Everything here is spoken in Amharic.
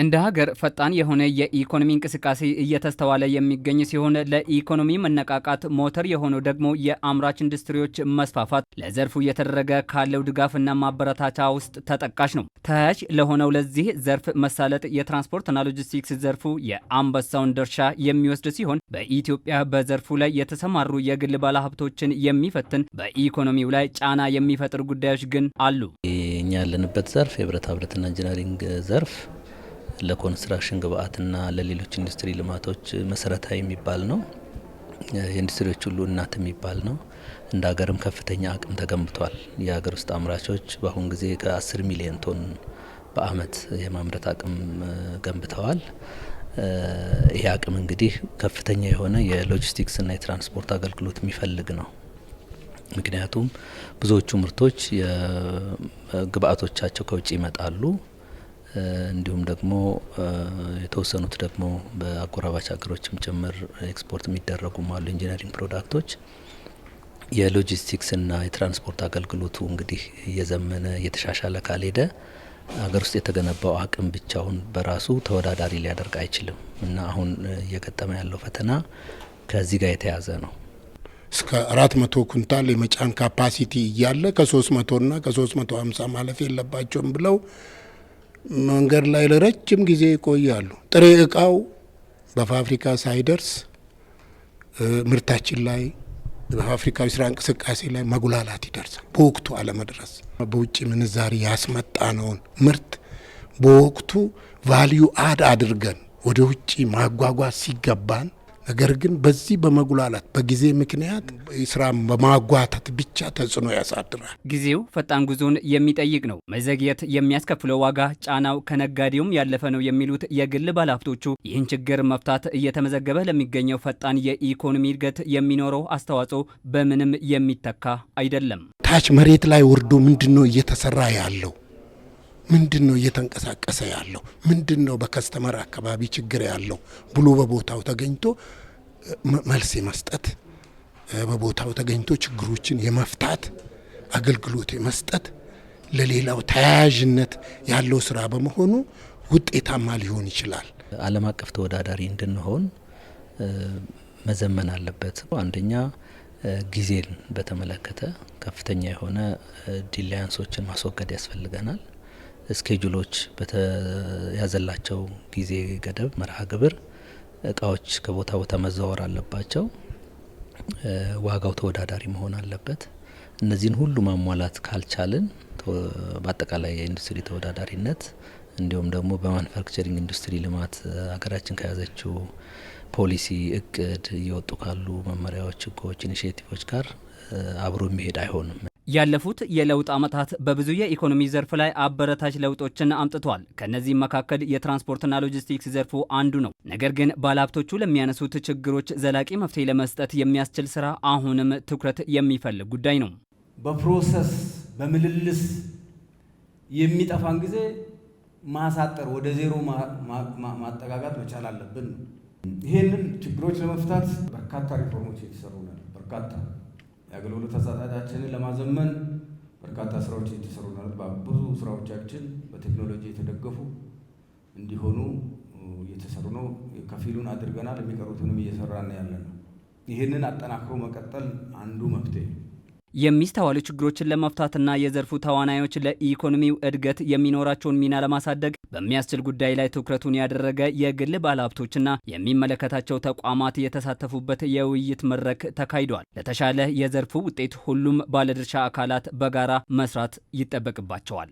እንደ ሀገር ፈጣን የሆነ የኢኮኖሚ እንቅስቃሴ እየተስተዋለ የሚገኝ ሲሆን ለኢኮኖሚ መነቃቃት ሞተር የሆነው ደግሞ የአምራች ኢንዱስትሪዎች መስፋፋት ለዘርፉ እየተደረገ ካለው ድጋፍና ማበረታቻ ውስጥ ተጠቃሽ ነው። ተያያዥ ለሆነው ለዚህ ዘርፍ መሳለጥ የትራንስፖርትና ሎጂስቲክስ ዘርፉ የአንበሳውን ድርሻ የሚወስድ ሲሆን በኢትዮጵያ በዘርፉ ላይ የተሰማሩ የግል ባለሀብቶችን የሚፈትን በኢኮኖሚው ላይ ጫና የሚፈጥር ጉዳዮች ግን አሉ። እኛ ያለንበት ዘርፍ የብረታ ብረትና ኢንጂነሪንግ ዘርፍ ለኮንስትራክሽን ግብአትና ለሌሎች ኢንዱስትሪ ልማቶች መሰረታዊ የሚባል ነው። የኢንዱስትሪዎች ሁሉ እናት የሚባል ነው። እንደ ሀገርም ከፍተኛ አቅም ተገንብቷል። የሀገር ውስጥ አምራቾች በአሁን ጊዜ ከ10 ሚሊዮን ቶን በአመት የማምረት አቅም ገንብተዋል። ይህ አቅም እንግዲህ ከፍተኛ የሆነ የሎጂስቲክስና የትራንስፖርት አገልግሎት የሚፈልግ ነው። ምክንያቱም ብዙዎቹ ምርቶች የግብአቶቻቸው ከውጭ ይመጣሉ። እንዲሁም ደግሞ የተወሰኑት ደግሞ በአጎራባች ሀገሮችም ጭምር ኤክስፖርት የሚደረጉም አሉ ኢንጂነሪንግ ፕሮዳክቶች። የሎጂስቲክስና የትራንስፖርት አገልግሎቱ እንግዲህ እየዘመነ እየተሻሻለ ካልሄደ ሀገር ውስጥ የተገነባው አቅም ብቻውን በራሱ ተወዳዳሪ ሊያደርግ አይችልም እና አሁን እየገጠመ ያለው ፈተና ከዚህ ጋር የተያዘ ነው። እስከ አራት መቶ ኩንታል የመጫን ካፓሲቲ እያለ ከሶስት ና ከሶስት መቶ ሀምሳ ማለፍ የለባቸውም ብለው መንገድ ላይ ለረጅም ጊዜ ይቆያሉ። ጥሬ እቃው በፋብሪካ ሳይደርስ ምርታችን ላይ በፋብሪካዊ ስራ እንቅስቃሴ ላይ መጉላላት ይደርሳል። በወቅቱ አለመድረስ፣ በውጭ ምንዛሪ ያስመጣነውን ምርት በወቅቱ ቫልዩ አድ አድርገን ወደ ውጭ ማጓጓዝ ሲገባን ነገር ግን በዚህ በመጉላላት በጊዜ ምክንያት ስራ በማጓተት ብቻ ተጽዕኖ ያሳድራል። ጊዜው ፈጣን ጉዞን የሚጠይቅ ነው። መዘግየት የሚያስከፍለው ዋጋ ጫናው ከነጋዴውም ያለፈ ነው የሚሉት የግል ባለሀብቶቹ ይህን ችግር መፍታት እየተመዘገበ ለሚገኘው ፈጣን የኢኮኖሚ እድገት የሚኖረው አስተዋጽኦ በምንም የሚተካ አይደለም። ታች መሬት ላይ ወርዶ ምንድን ነው እየተሰራ ያለው? ምንድን ነው እየተንቀሳቀሰ ያለው፣ ምንድን ነው በከስተመር አካባቢ ችግር ያለው ብሎ በቦታው ተገኝቶ መልስ የመስጠት በቦታው ተገኝቶ ችግሮችን የመፍታት አገልግሎት የመስጠት ለሌላው ተያያዥነት ያለው ስራ በመሆኑ ውጤታማ ሊሆን ይችላል። ዓለም አቀፍ ተወዳዳሪ እንድንሆን መዘመን አለበት። አንደኛ ጊዜን በተመለከተ ከፍተኛ የሆነ ዲላያንሶችን ማስወገድ ያስፈልገናል። ስኬጁሎች በተያዘላቸው ጊዜ ገደብ መርሃ ግብር እቃዎች ከቦታ ቦታ መዘዋወር አለባቸው። ዋጋው ተወዳዳሪ መሆን አለበት። እነዚህን ሁሉ ማሟላት ካልቻልን በአጠቃላይ የኢንዱስትሪ ተወዳዳሪነት እንዲሁም ደግሞ በማኑፋክቸሪንግ ኢንዱስትሪ ልማት ሀገራችን ከያዘችው ፖሊሲ፣ እቅድ እየወጡ ካሉ መመሪያዎች፣ ህጎች፣ ኢኒሽቲቮች ጋር አብሮ የሚሄድ አይሆንም። ያለፉት የለውጥ ዓመታት በብዙ የኢኮኖሚ ዘርፍ ላይ አበረታች ለውጦችን አምጥቷል። ከእነዚህም መካከል የትራንስፖርትና ሎጂስቲክስ ዘርፉ አንዱ ነው። ነገር ግን ባለሀብቶቹ ለሚያነሱት ችግሮች ዘላቂ መፍትሄ ለመስጠት የሚያስችል ስራ አሁንም ትኩረት የሚፈልግ ጉዳይ ነው። በፕሮሰስ በምልልስ የሚጠፋን ጊዜ ማሳጠር፣ ወደ ዜሮ ማጠጋጋት መቻል አለብን። ይህንን ችግሮች ለመፍታት በርካታ ሪፎርሞች የተሰሩ በርካታ የአገልግሎት አሰጣጣችንን ለማዘመን በርካታ ስራዎች እየተሰሩ ነው። ብዙ ስራዎቻችን በቴክኖሎጂ የተደገፉ እንዲሆኑ እየተሰሩ ነው። ከፊሉን አድርገናል፣ የሚቀሩትንም እየሰራን ያለ ነው። ይህንን አጠናክሮ መቀጠል አንዱ መፍትሄ የሚስተዋሉ ችግሮችን ለመፍታትና የዘርፉ ተዋናዮች ለኢኮኖሚው እድገት የሚኖራቸውን ሚና ለማሳደግ በሚያስችል ጉዳይ ላይ ትኩረቱን ያደረገ የግል ባለሀብቶችና የሚመለከታቸው ተቋማት የተሳተፉበት የውይይት መድረክ ተካሂዷል። ለተሻለ የዘርፉ ውጤት ሁሉም ባለድርሻ አካላት በጋራ መስራት ይጠበቅባቸዋል።